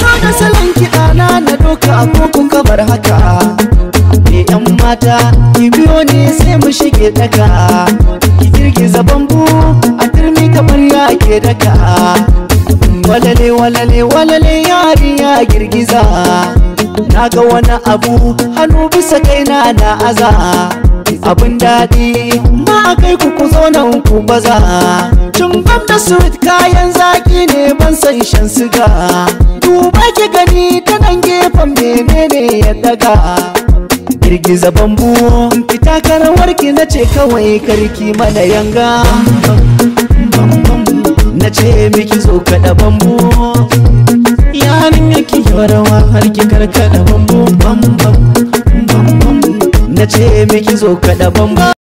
Zaga salon kiɗa na na doka a koko kamar haka Me yan mata ki biyo ne sai mu shige daka Ki girgiza bambu a turmi kamar ya ke daka Walale walale walale yari ya girgiza Na ga wani abu hannu bisa kaina na aza abin daɗi ma kai ku ku zo nan ku baza Tumbam da sweet kayan zaki ne ban san shan siga Duba ki gani ta nan gefen menene ya daga Girgiza bambu fita karawar ki na ce kawai karki mana yanga Na ce miki zo kaɗa bambu Yanin yake yawarawa har ki karkaɗa bambu na ce miki zo kaɗa bambu.